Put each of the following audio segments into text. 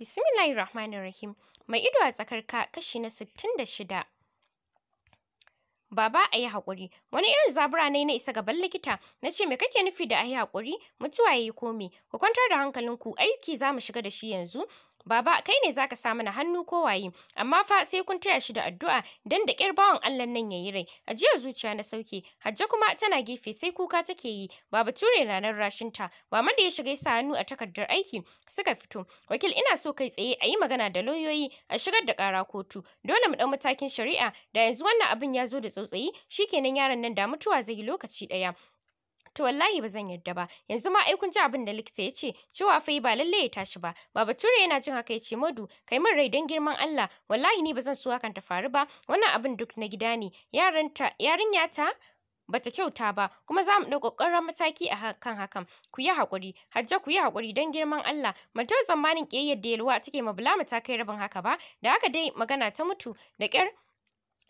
Bismillahir Rahmanir Rahim. Mai ido a tsakar ka kashi na sittin da shida. Baba a yi haƙuri, wani irin zabura ne na isa gaban likita, na ce me kake nufi da a yi haƙuri, mutuwa ya yi komi, ku kwantar da hankalinku aiki za mu shiga da shi yanzu, baba kai ne zaka sa mana hannu ko waye amma fa sai kun taya shi da addu'a dan da kyar bawan Allah nan yayi rai ajiya zuciya na sauke hajja kuma tana gefe sai kuka take yi baba ture ranar rashinta Mama da ya shiga sa hannu a takardar aiki suka fito wakil ina so kai tsaye ayi magana da lauyoyi a shigar da kara kotu dole mu dau matakin shari'a da yanzu wannan abin ya zo da tsautsayi shikenan yaron nan da mutuwa zai yi lokaci daya to wallahi ba zan yarda ba yanzu ma ai kun ji abin da likita ya ce cewa fai ba lalle ya tashi ba baba ture yana jin haka ya ce madu kai min rai dan girman Allah wallahi ni ba zan so hakan ta faru ba wannan abin duk na gida ne yaranta yarinya ta bata kyauta ba kuma za mu ɗau mataki a kan hakan ku yi haƙuri hajja ku yi hakuri don girman Allah mata tsammanin ƙiyayyar da yalwa take ma bula ta kai rabin haka ba da haka dai magana ta mutu da ƙyar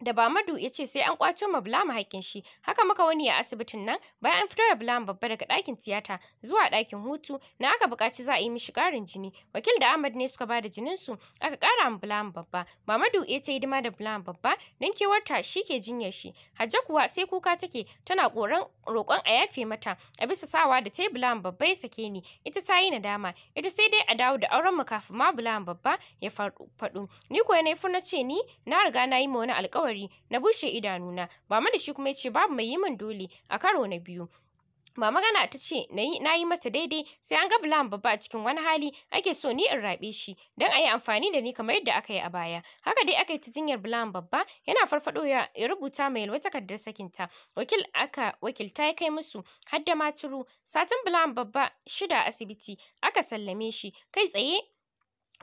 da ba madu ya ce sai an kwaco ma Bulama haƙƙin shi haka muka wani a asibitin nan bayan an fito da Bulama babba daga ɗakin tiyata zuwa ɗakin hutu na aka buƙaci za a yi mishi ƙarin jini wakil da Ahmad ne suka bada jinin su aka ƙara ma Bulama babba madu ya ta yi dima da Bulama babba don kewarta shi ke jinyar shi Hajja kuwa sai kuka take tana ƙoran roƙon a yafe mata a bisa sawa da ta yi Bulama babba ya sake ni ita ta yi nadama ita sai dai a dawo da auren mu kafin ma Bulama babba ya faɗo ni ko na ce ni na riga na yi ma wani alƙawari alƙawari na bushe idanu idanuna mama da shi kuma ya ce babu mai yi min dole a karo na biyu ba magana ta ce na yi mata daidai sai an ga Bulan babba a cikin wani hali ake so ni in raɓe shi don a yi amfani da ni kamar yadda aka yi a baya. Haka dai aka yi ta jinyar Bulan babba yana farfaɗo ya rubuta mai yalwa takardar sakinta. Wakil aka wakilta ya kai musu har da maturu. Satin Bulan babba shida asibiti aka sallame shi kai tsaye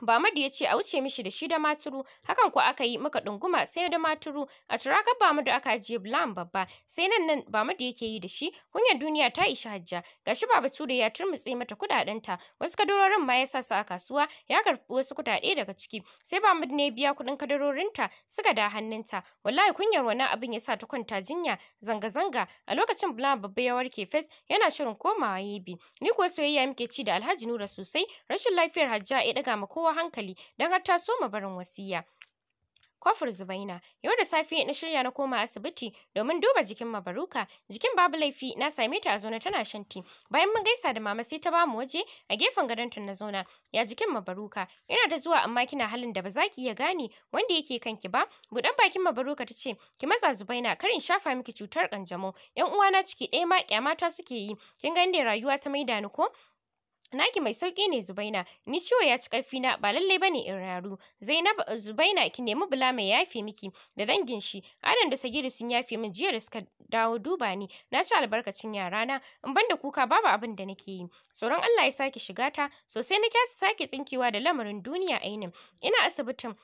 Bamadu ya ce a wuce mishi da shi da maturu, hakan ko aka yi muka ɗunguma sai da maturu, a ba Bamadu aka ajiye bulan babba, sai nan nan Bamadu yake yi da shi, kunyar duniya ta ishi hajja, gashi Baba Ture ya turmutse mata kuɗaɗenta, wasu kadarorin ma ya sa su a kasuwa, ya karɓi wasu kudade daga ciki, sai Bamadu ne biya kuɗin kadarorinta suka da hannunta, wallahi kunyar wannan abin ya sa ta kwanta jinya, zanga-zanga, a lokacin bulan babba ya warke fes, yana shirin komawa Yebi, ni kuwa soyayya muke ci da Alhaji Nura sosai, rashin lafiyar hajja ya ɗaga ma Ko hankali don har ta soma barin wasiya. Kofar Zubaina, yau da safe na shirya na koma asibiti domin duba jikin Mabaruka. Jikin babu laifi na same ta a zona tana shanti. Bayan mun gaisa da mama sai ta ba mu waje a gefen gadon ta na zauna. Ya jikin Mabaruka, ina da zuwa amma kina halin da ba za ki iya gane wanda yake kanki ba. Buɗan bakin Mabaruka ta ce, ki matsa Zubaina kar in shafa miki cutar kanjamau. Yan uwana ciki ɗaya ma kyamata suke yi. Kin ga inda rayuwa ta maida ni ko? naki mai sauki ne Zubaina ni ciwo ya ci karfi na ba lallai bane in raru Zainab Zubaina ki nemi bula mai yafe miki da dangin shi Adam da Sagiru sun yafe min jiya da suka dawo duba ni na ci albarkacin yara na. in banda kuka babu abin da nake yi tsoron Allah ya sake shiga ta sosai na kyasa sake tsinkewa da lamarin duniya ainin ina asibitin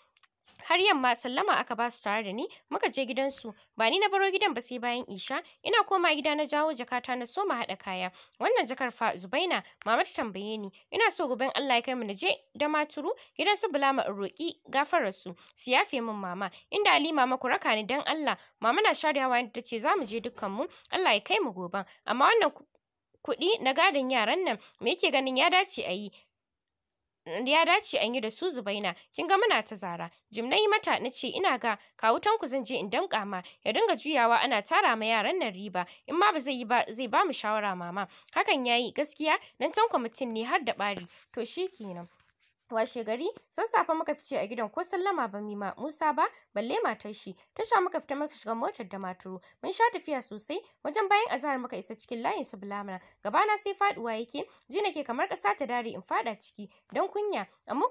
har yamma sallama aka ba su tare da ni muka je gidansu ba ni na baro gidan ba sai bayan isha ina koma gida na jawo jakata na soma haɗa kaya wannan jakar fa zubaina mama ta tambaye ni ina so gobe Allah ya kai mu na je da maturu gidan su bulama in roki gafarar su su yafe min mama inda ali mama ku raka ni dan Allah mama na share hawa ta ce za mu je dukkan mu Allah ya kai mu gobe. amma wannan kuɗi na gadon yaran nan me yake ganin ya dace a yi ya dace an yi da su Zubaina kin ga muna ta zara jim mata na ce ina ga kawo tanku zan je in danka ma ya dinga juyawa ana tara ma yaran nan riba in ma ba zai yi ba zai ba mu shawara mama hakan yayi gaskiya nan tanko mutum ne har da bari to shi kenan. washe gari sassafe muka fice a gidan ko sallama ba mi ma Musa ba balle matar shi tasha muka fita muka shiga motar da maturu mun sha tafiya sosai wajen bayan azhar muka isa cikin layin su bulamana gabana sai faduwa yake ji nake kamar kasa ta dare in fada ciki dan kunya amma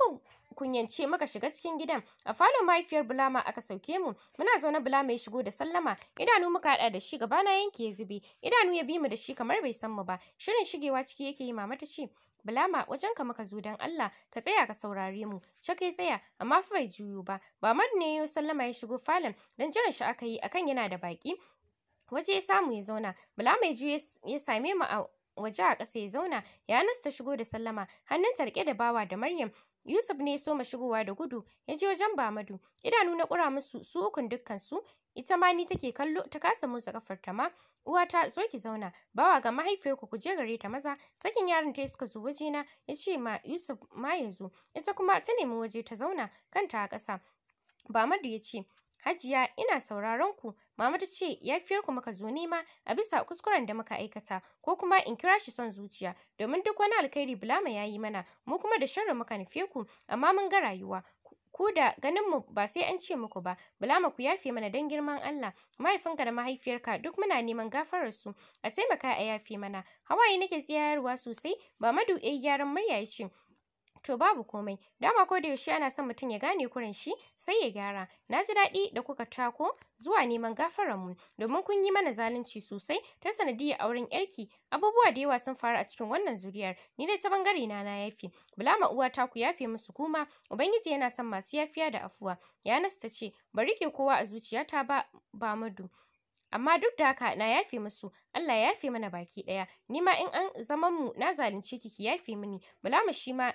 kunyance maka shiga cikin gidan a falon mahaifiyar bulama aka sauke mu muna zaune bulama ya shigo da sallama idanu muka hada da shi gaba na yanke ya zube idanu ya bi mu da shi kamar bai san mu ba shirin shigewa ciki yake yi mama ta ce Bulama wajen ka muka zo don Allah ka tsaya ka saurare mu Chuck ya tsaya amma fa bai juyo ba ba ne ya sallama ya shigo falon don jiran shi aka yi akan yana da baki waje ya samu ya zauna Bulama ya juyo ya same mu a waje a ƙasa ya zauna ya ta shigo da sallama ta riƙe da bawa da Maryam Yusuf ne ya soma shigowa da gudu ya je wajen Bamadu idanu na kura musu su ukun dukkan su ita ma ni take kallo ta kasa motsa kafar ta ma uwata zo ki zauna bawa ga mahaifiyarku ku je gare ta maza sakin yaron ta suka zo waje na ya ce ma Yusuf ma ya zo ita kuma ta nemi waje ta zauna kanta a ƙasa Bamadu ya ce Hajiya ina sauraron ku. Mama ta ce yafiyarku muka zo nema a bisa kuskuren da muka aikata ko kuma in kira shi son zuciya domin duk wani alkhairi Bulama ya yi mana mu kuma da sharri muka nufe ku amma mun ga rayuwa ku da ganin mu ba sai an ce muku ba Bulama ku yafe mana dan girman Allah mahaifinka da mahaifiyarka duk muna neman gafarar su a taimaka a yafe mana hawaye nake tsayarwa sosai Mamadu eh gyaran murya ya ce to babu komai dama ko da yaushe ana son mutum ya gane kuran shi sai ya gyara na ji daɗi da kuka tako zuwa neman gafarar mu domin kun yi mana zalunci sosai ta sanadiyar auren yarki abubuwa da yawa sun faru a cikin wannan zuriyar ni dai ta bangare na na yafi bulama uwa ta ku yafe musu kuma ubangiji yana son masu yafiya da afuwa ya nasu ta ce ba rike kowa a zuciyata ba ba mudu amma duk da haka na yafe musu Allah ya yafe mana baki daya nima in an zaman mu na zalunce ki ki yafe mini bulama shi ma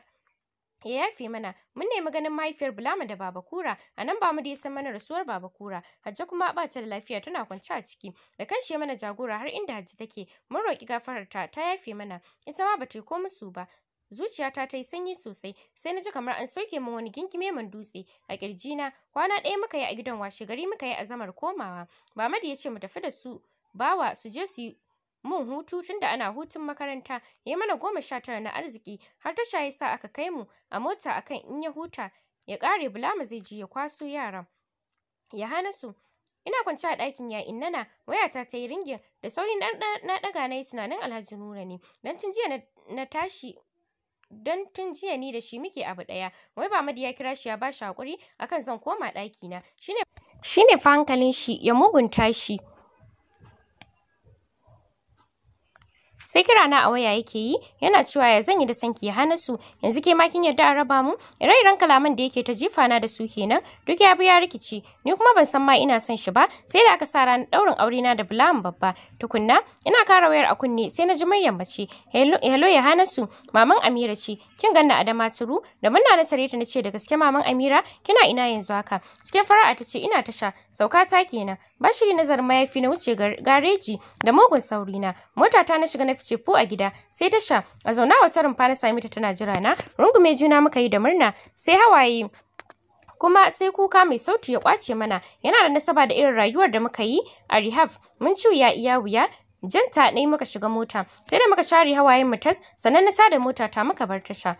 ya yafe mana mun nemi ganin mahaifiyar bulama da baba kura a nan ba mu da san mana rasuwar baba kura hajji kuma ba ta da lafiya tana kwance a ciki da kan shi mana jagora har inda hajji take mun roƙi gafararta ta yafe mana ita ma ba ta yi ko musu ba zuciyata ta yi sanyi sosai sai na ji kamar an soke min wani gingime man dutse a na kwana ɗaya muka yi a gidan washe gari muka yi azamar komawa ba da ya ce mu tafi da su bawa su je su mun hutu tunda ana hutun makaranta ya mana goma sha tara na arziki har tasha ya sa aka kai mu a mota akan in ya huta ya ƙare bulama zai je ya kwaso yara, ya hana su ina kwance a ɗakin ya nana wayata ta yi ringin da sauri na ɗaga na yi tunanin alhaji nura ne don tun jiya na tashi don tun jiya ni da shi muke abu ɗaya wai Mamadu ya kira shi ya ba shi haƙuri akan zan koma ɗakina shine shine fa hankalin shi ya mugunta shi sai kira na a waya yake yi yana cewa ya yi da sanki ya hana su yanzu ke ma kin yarda a raba mu ire-iren kalaman da yake ta jifa na da su kenan duk ya bi ya rikici ni kuma ban san ma ina son shi ba sai da aka sa ranar daurin aure na da bulawan babba tukunna ina kara wayar a kunne sai na ji muryar mace hello ya hana su maman Amira ce kin ganna Adama Turu da muna na tare ta nace da gaske maman Amira kina ina yanzu haka cikin fara'a ta ce ina tasha sauka ta kenan bashiri nazarin mayafi na wuce gareji da mugun sauri na mota ta na shiga na fice ko a gida sai ta sha a zauna wata rumfa na sami ta tana jira na rungume juna muka yi da murna sai hawaye kuma sai kuka mai sauti ya kwace mana yana da nasaba da irin rayuwar da muka yi a rehab mun cuya iya wuya janta ne muka shiga mota sai da muka share hawayen mu tas sannan na tada mota ta muka bar tasha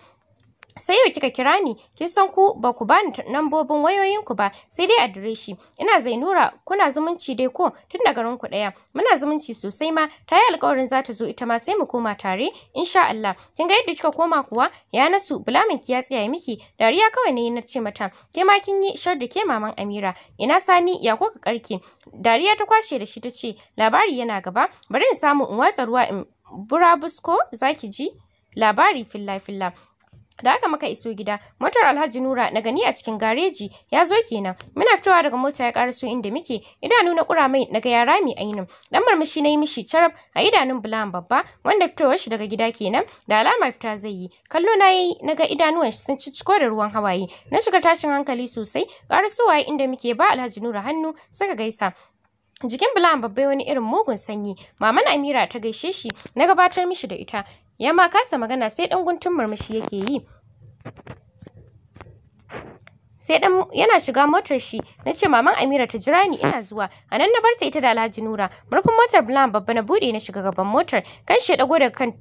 sai yau kika kira ni kin san ku ba ku bani lambobin wayoyinku ba sai dai adireshi ina zainura kuna zumunci dai ko tun da garin ku daya muna zumunci sosai ma ta yi alƙawarin za ta zo ita ma sai mu koma tare insha Allah kin ga yadda kika koma kuwa ya nasu bulamin ki ya tsaya miki dariya kawai ne na ce mata ke ma kin yi shar da ke maman Amira ina sani ya ko ka karke dariya ta kwashe da shi ta ce labari yana gaba bari in samu in watsa ruwa in burabusko zaki ji labari filla filla da aka maka iso gida motar alhaji nura na gani a cikin gareji ya zo kenan muna fitowa daga mota ya karaso inda muke idanu na kura mai daga yara mai ainin dan murmushi na yi mishi carab a idanun bulan babba wanda fitowar shi daga gida kenan da alama fita zai yi kallo na yi naga idanuwan shi sun cicciko da ruwan hawaye na shiga tashin hankali sosai karasowa inda muke ba alhaji nura hannu saka gaisa jikin bulan babbai wani irin mugun sanyi maman amira ta gaishe shi na gabatar mishi da ita ya kasa magana sai ɗan guntun murmushi yake yi sai dan yana shiga motar shi na ce maman Amira ta jira ni ina zuwa a nan na bar sai ita da Alhaji Nura murfin motar Blan babba na bude na shiga gaban motar kan shi ya dago daga kan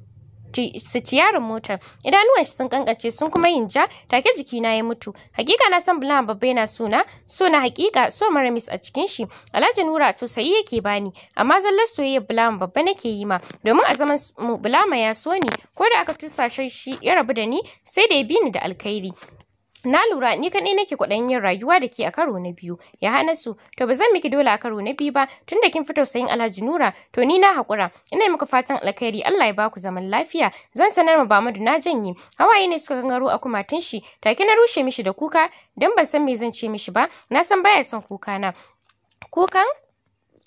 sitiyarin motar idanuwan shi sun kankace sun kuma yin ja take jiki na ya mutu hakika na san bulan babba yana suna suna hakika so mara miss a cikin shi alhaji nura tausayi yake bani amma zallar soyayya bulan babba nake yi ma domin a zaman mu bulama ya so ni ko da aka tusa shi ya rabu da ni sai da ya bi ni da alkhairi Na lura ni kaɗai nake kwaɗayin yin rayuwa da ke a karo na biyu. Ya hana su, to ba zan miki dole a karo na biyu ba, tun da kin fi tausayin Alhaji Nura, to ni na haƙura. Ina muku fatan alkhairi, Allah ya ba ku zaman lafiya. Zan sanar ma Bamadu na janye. Hawaye ne suka gangaro a kumatun shi, take na rushe mishi da kuka, dan ban san me zan ce mishi ba, na san baya son kuka na. Kukan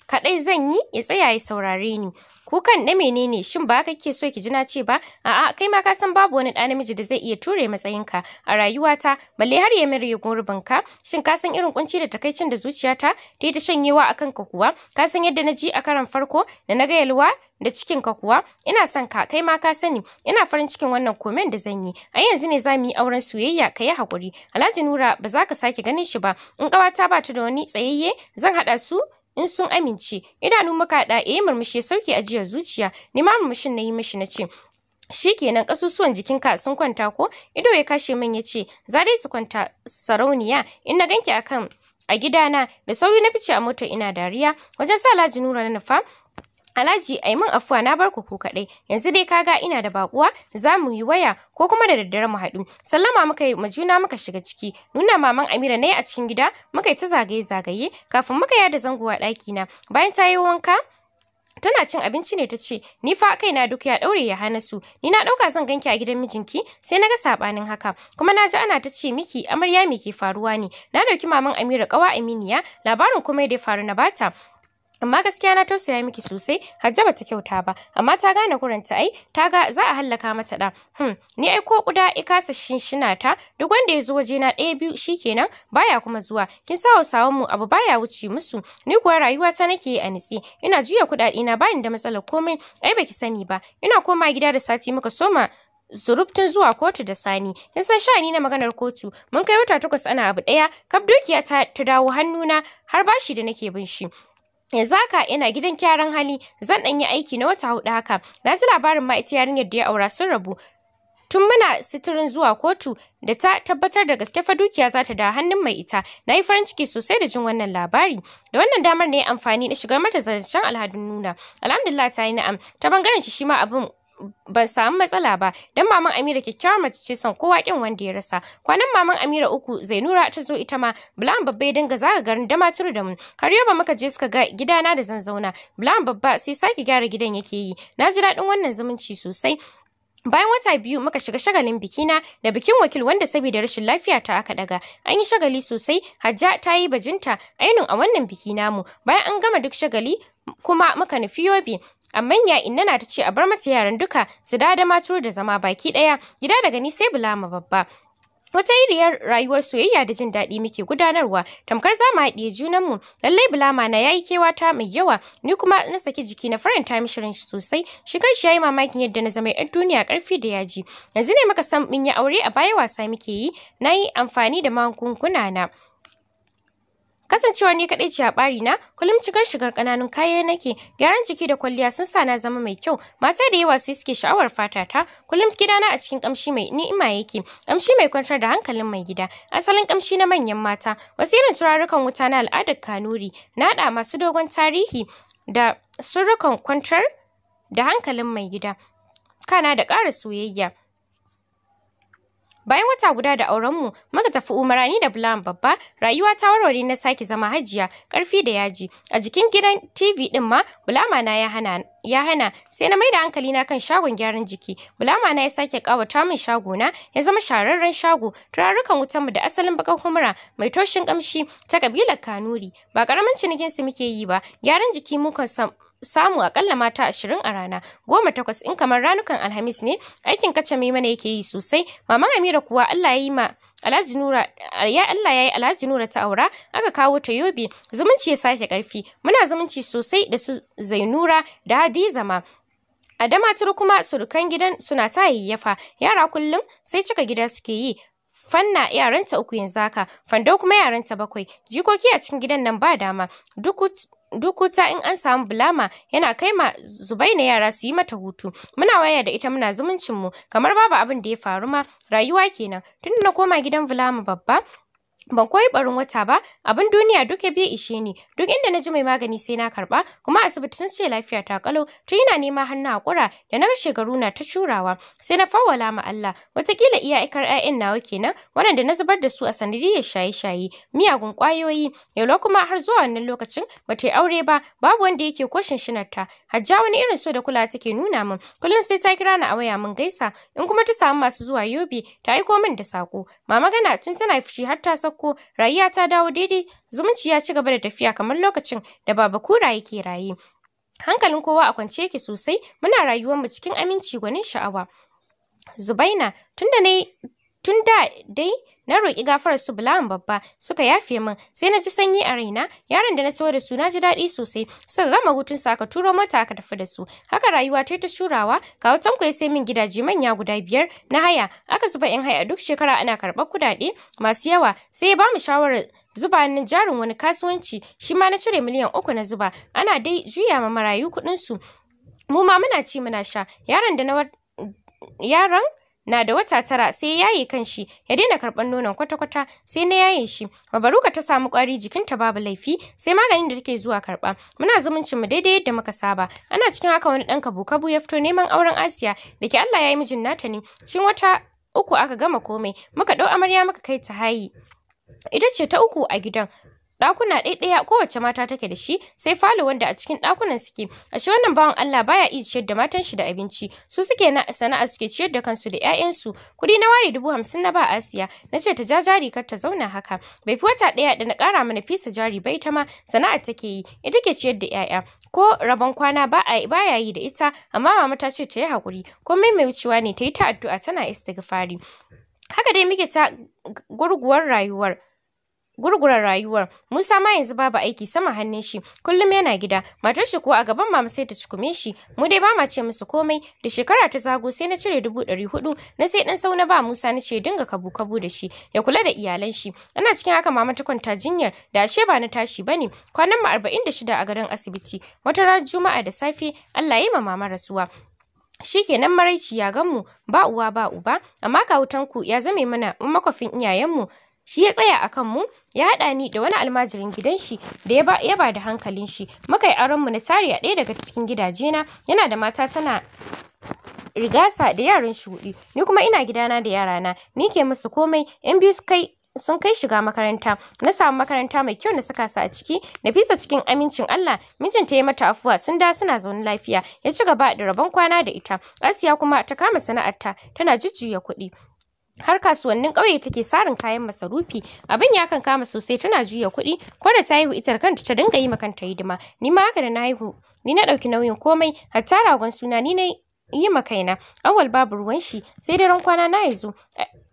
kaɗai zan yi ya tsaya ya saurare ni kukan na menene shin ba ke so ki ji na ce ba a'a kai ma ka san babu wani ɗa namiji da zai iya ture matsayinka a rayuwata balle har ya mere gurbinka shin ka san irin kunci da takaicin da zuciyata ta yi ta shanyewa a kanka kuwa ka san yadda na ji a karan farko da na ga yalwa da cikinka kuwa ina son ka kai ma ka sani ina farin cikin wannan komen da zan yi a yanzu ne za mu yi auren soyayya ka yi hakuri. alhaji nura ba za ka sake ganin shi ba in ƙawata ba ta da wani tsayayye zan haɗa su in sun amince idanu muka da eh murmushi sauki ajiyar zuciya ni ma murmushin na yi mishi na ce kenan kasusuwan jikinka sun kwanta ko ido ya kashe min ya ce za dai su kwanta sarauniya in na ganki akan a gidana da sauri na fice a mota ina dariya wajen sa Laji Nura na nufa Alhaji ai min afuwa na bar ku ku kaɗai. Yanzu dai kaga ina da bakuwa za mu yi waya ko kuma da daddare mu haɗu. Sallama muka yi juna muka shiga ciki. Nuna maman Amira ne a cikin gida muka yi ta zagaye zagaye kafin muka ya da zango a ɗaki na. Bayan ta yi wanka tana cin abinci ne ta ce ni fa kaina duk ya daure ya hana su ni na dauka zan ganki a gidan mijinki sai na ga sabanin haka kuma na ji ana ta ce miki amarya me ke faruwa ne na dauki maman Amira kawa Aminiya labarin komai da ya faru na bata amma gaskiya na tausaya miki sosai hajja bata kyauta ba amma ta gane kuranta ai ta ga za a hallaka mata da hmm ni ai ko kuda i kasa shinshina ta duk wanda ya zo waje na ɗaya biyu shikenan baya kuma zuwa kin sa hausawan mu abu baya wuce musu ni kuwa rayuwa ta nake a nitsi ina juya kuɗaɗe na bani da matsalar komai ai baki sani ba ina koma gida da sati muka soma zurubtun zuwa kotu da sani kin san sha'ani na maganar kotu mun kai wata takwas ana abu ɗaya kaf dukiya ta dawo hannuna har bashi da nake bin shi yanzu haka yana gidan gyaran hali zan ɗan yi aiki na wata hudu haka na ji labarin ma ita yarinyar da ya aura sun rabu tun muna sitirin zuwa kotu da ta tabbatar da gaske fa dukiya za ta da hannun mai ita na yi farin ciki sosai da jin wannan labari da wannan damar ne yi amfani na shigar mata zancen alhadun nuna alhamdulillah ta yi na'am ta bangaren shi ma abin ban samu matsala ba dan maman Amira kyakkyawar mace ce son kowa kin wanda ya rasa kwanan maman Amira uku Zainura ta zo ita ma Bulan babba ya dinga zaga garin da maturu da mu har yau ba muka je suka ga gidana da zan zauna Bulan babba sai sake gyara gidan yake yi na ji daɗin wannan zumunci sosai Bayan wata biyu muka shiga shagalin bikina da bikin wakil wanda saboda rashin lafiya ta aka daga. An yi shagali sosai, Hajja ta yi bajinta ainun a wannan biki namu. Bayan an gama duk shagali kuma muka nufi Yobe. amma ya inna na ta ce a bar mata yaran duka su dada maturu da zama baki ɗaya gida daga ni sai bulama babba Wata iriyar rayuwar soyayya da jin daɗi muke gudanarwa, tamkar za mu haɗiye junanmu, lallai bulama na yayi kewata mai yawa, ni kuma na saki jiki na faranta mishi ran sosai, shi ya yayi mamakin yadda na zama 'yan duniya ƙarfi da yaji. Yanzu ne muka san mun yi aure a baya wasa muke yi, na yi amfani da magunguna na. Kasancewar ni kaɗai ce a ɓari na, kullum cikin shigar ƙananun kaya nake, gyaran jiki da kwalliya sun sa na zama mai kyau. Mata da yawa sai suke sha'awar fata ta, kullum gidana a cikin ƙamshi mai ni'ima yake, ƙamshi mai kwantar da hankalin mai gida. Asalin ƙamshi na manyan mata, wasu irin turarukan wuta na al'adar Kanuri, naɗa masu dogon tarihi da surukan kwantar da hankalin mai gida. Kana da ƙara soyayya. Bayan wata guda da aurenmu, muka tafi Umara ni da Bulan babba, rayuwa ta warware na sake zama hajiya, karfi da yaji. A jikin gidan TV ɗin ma, Bulama na ya hana ya hana sai na maida hankali na kan shagon gyaran jiki bulama na ya sake kawata min shago na ya zama shararren shago turarukan wutan mu da asalin baƙar humura mai toshin kamshi ta kabilar kanuri ba karamin cinikin su muke yi ba gyaran jiki mu mukan samu akalla mata ashirin a rana goma takwas in kamar ranukan alhamis ne aikin kace mai mana yake yi sosai maman amira kuwa allah ya yi ma Alhaji Nura ya Allah yi Alhaji Nura ta aura aka kawo ta Yobe zumunci ya sake karfi muna zumunci sosai da su Zainura da Hadiza ma Adama turu kuma surukan gidan suna ta yayyafa yara kullum sai cika gida suke yi fanna yaranta uku yanzu haka fando kuma yaranta bakwai jikoki a cikin gidan nan ba dama duk duk wuta in an samu bulama yana kai ma na yara su yi mata hutu muna waya da ita muna zumuncin mu kamar babu abin da ya faru ma rayuwa kenan tunda na koma gidan bulama babba ban koyi barin wata ba abin duniya duk ya biya ishe ni duk inda na ji mai magani sai na karba kuma asibiti sun ce lafiya ta kalau tun ina nema hannu hakura da na ga shekaru na ta curawa sai na fawwala ma Allah watakila iya ikar ƴaƴan nawa kenan waɗanda na zubar da su a sanadiyar shaye-shaye miyagun ƙwayoyi yalo kuma har zuwa wannan lokacin ba ta yi aure ba babu wanda yake ko shinshinar ta hajja wani irin so da kula take nuna min kullum sai ta kira ni a waya min gaisa in kuma ta samu masu zuwa yobi ta aiko min da sako mama gana tun tana fushi har ta sauko rayuwa ta dawo daidai zumunci ya ci gaba da tafiya kamar lokacin da baba kura yake raye hankalin kowa a kwance yake sosai muna rayuwarmu cikin aminci gwanin sha'awa zubaina tunda na Tun da dai na roƙi gafarar su Bulawan babba suka yafe min sai na ji sanyi a raina yaron da na ciwo da su na ji daɗi sosai suka gama hutun sa aka turo mota ka tafi da su haka rayuwa ta ta shurawa kawo tanko ya sai min gidaje manya guda biyar na haya aka zuba in haya duk shekara ana karɓar kuɗaɗe masu yawa sai ya ba mu shawarar zuba ni jarin wani kasuwanci shi ma na cire miliyan uku na zuba ana dai juya ma marayu kuɗinsu mu ma muna ci muna sha yaron da na yaron na da wata tara sai ya yaye kanshi ya daina karɓar nonon kwata-kwata sai na yaye shi babaruka ta samu ƙwari jikinta babu laifi sai maganin da take zuwa karɓa muna zumuncin mu daidai yadda muka saba ana cikin haka wani ɗan kabu-kabu ya fito neman auren asiya da allah ya yi mijin nata ne cikin wata uku aka gama komai muka ɗau amarya muka kai ta hayi ita ce ta uku a gidan ɗakuna ɗaya kowace mata take da shi sai falo wanda a cikin ɗakunan suke ashe wannan bawan Allah baya iya ciyar da matan shi da abinci su suke na sana'a suke ciyar da kansu da su kuɗi na ware dubu hamsin na ba Asiya na ce ta ja jari kar ta zauna haka bai fi wata ɗaya da na ƙara mana fisa jari bai ta ma sana'a take yi ita ke ciyar da ƴaƴa ko rabon kwana ba a baya yi da ita amma mama ta ce ta yi haƙuri komai mai wucewa ne ta yi ta addu'a tana istighfari haka dai muke ta gurguwar rayuwar gurgurar rayuwar Musa ma yanzu babu aiki sama hannun shi kullum yana gida matar shi kuwa a gaban mama sai ta cikume shi mu dai ba ma ce musu komai da shekara ta zago sai na cire dubu ɗari hudu na sai dan sauna ba Musa na ce dinga kabu kabu da shi ya kula da iyalan shi ana cikin haka mama ta kwanta jinyar da ashe ba na tashi ba ne kwanan mu arba'in da shida a garin asibiti wata ran juma'a da safe Allah ya yi ma mama rasuwa shi shikenan maraici ya ganmu ba uwa ba uba amma kawutanku ya zame mana makwafin iyayenmu shi ya tsaya a kan mu? ya haɗa ni da wani almajirin gidan shi da ya ba yaba da hankalin shi muka yi auren mu na tari a ɗaya daga cikin gidaje na yana da mata tana rigasa da yaran shi huɗu ni kuma ina gidana da yarana ni ke musu komai in biyu su kai sun kai shiga makaranta na samu makaranta mai kyau na saka su a ciki nafisa cikin amincin Allah mijinta yi mata afuwa sun da suna zaune lafiya ya ci gaba da rabon kwana da ita asiya kuma ta kama sana'arta tana jujjuya kuɗi har kasuwannin ƙauye take sarin kayan masarufi abin ya kan kama sosai tana juya kuɗi ko da ta haihu ita kanta ta dinga yi ma kanta hidima ni ma haka da na haihu ni na ɗauki nauyin komai har ta ragon suna ni na yi ma kaina awal babu ruwan shi sai daren kwana na ya zo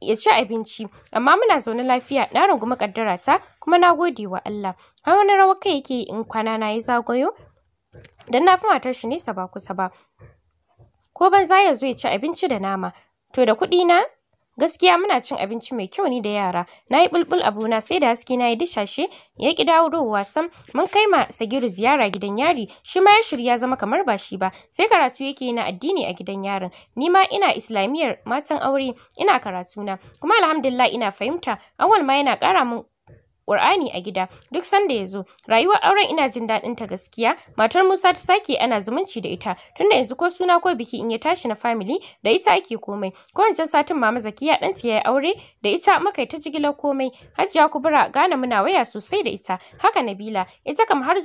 ya ci abinci amma muna zaune lafiya na rungumi kaddara ta kuma na gode wa Allah har wani rawar kai yake in kwana na ya zagayo dan na fi matar shi ne, sa ba kusa ba ko ban za ya zo ya ci abinci da nama to da kuɗi na Gaskiya muna cin abinci mai kyau ni da yara. Na yi bulbul abuna sai da haske na yi dishashe ya ki dawowa wasan. Mun kai ma Sagiru ziyara gidan yari shi ma ya shirya zama kamar ba shi ba. Sai karatu yake yi na addini a gidan yarin. Ni ma ina islamiyyar matan aure ina karatu na. Kuma alhamdulillah ina fahimta. Awal ma yana ƙara mun Qur'ani a gida duk sanda ya zo. Rayuwar auren ina jin daɗin ta gaskiya. Matar Musa ta sake ana zumunci da ita tunda yanzu ko suna ko biki in ya tashi na family da ita ake komai. Ko wancan satin Mama Zakiya ɗanta ya yi aure da ita muka ta jigilar komai. Hajiya Kubura gane muna waya sosai da ita. Haka Nabila ita kam har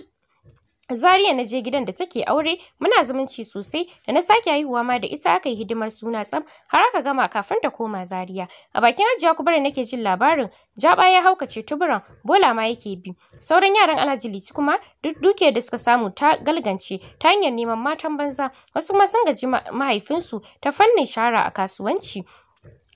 zariya na je gidan da take aure, muna zumunci sosai, da na sake haihuwa ma da ita aka yi hidimar suna tsam, har aka gama kafin ta koma zariya A bakin Hajiya Kubura nake jin labarin, Jaba ya haukace tuburan, bola ma yake bi. Sauran yaran Alhaji Liti kuma duk duke da suka samu ta galgance ta hanyar neman matan banza, wasu ma sun gaji mahaifinsu ta fannin shara a kasuwanci.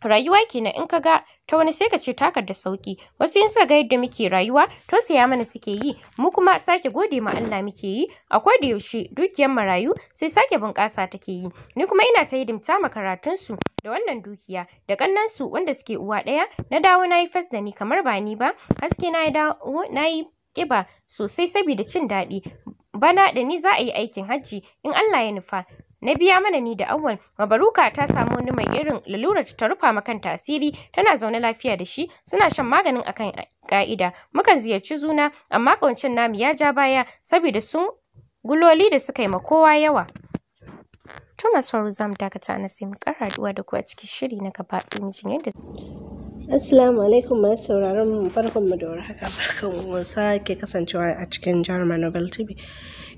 rayuwa kenan in ka ga ta wani sai ka ce takar da sauki wasu in suka ga yadda muke rayuwa to mana suke yi mu kuma sake gode ma Allah muke yi a da yaushe dukiyar marayu sai sake bunƙasa take yi ni kuma ina ta hidimta ma karatun su da wannan dukiya da kannan su wanda suke uwa ɗaya na dawo nayi fas da ni kamar ba ni ba haske na dawo nayi ƙiba sosai saboda cin daɗi bana da ni za a yi aikin hajji in Allah ya nufa na biya mana ni da awwal mabaruka ta samu wani mai irin lalurar ta rufa makanta tasiri tana zaune lafiya da shi suna shan maganin akan ka'ida mukan ziyarci juna amma ƙawancen nami ya ja baya saboda sun guloli da suka yi ma kowa yawa Tuma sauru za mu dakata na sai mu kara haduwa da ku a cikin shiri na gaba domin jin yadda Assalamu alaikum masu sauraron mu mu da warhaka barkan mu sake kasancewa a cikin Jarumar Nobel TV.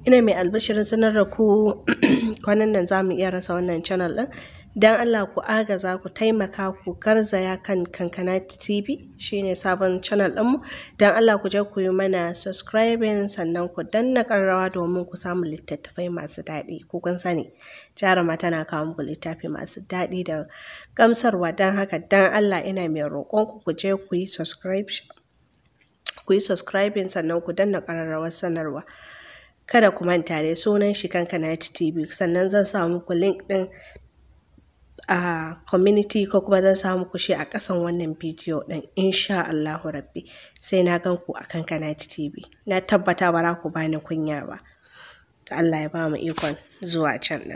ina mai albashirin sanar da ku kwanan nan za mu iya rasa wannan channel din don allah ku agaza ku taimaka ku garzaya kan kankana tv shine sabon channel din mu don allah ku je ku yi mana subscribing sannan ku danna karrawa domin ku samu littattafai masu daɗi ku kun sani ma tana kawo muku littafi masu daɗi da kamsarwa don haka don allah ina mai roƙon ku je ku yi subscribing sannan ku danna ƙararrawar sanarwa kada ku manta da sunan shi kanka na tv sannan zan sa muku link din a community ko kuma zan samu muku shi a ƙasan wannan bidiyo ɗin insha Allahu rabbi sai na gan ku a akan na tv na tabbata ba za ku bani kunya ba Allah ya ba mu ikon zuwa can ɗin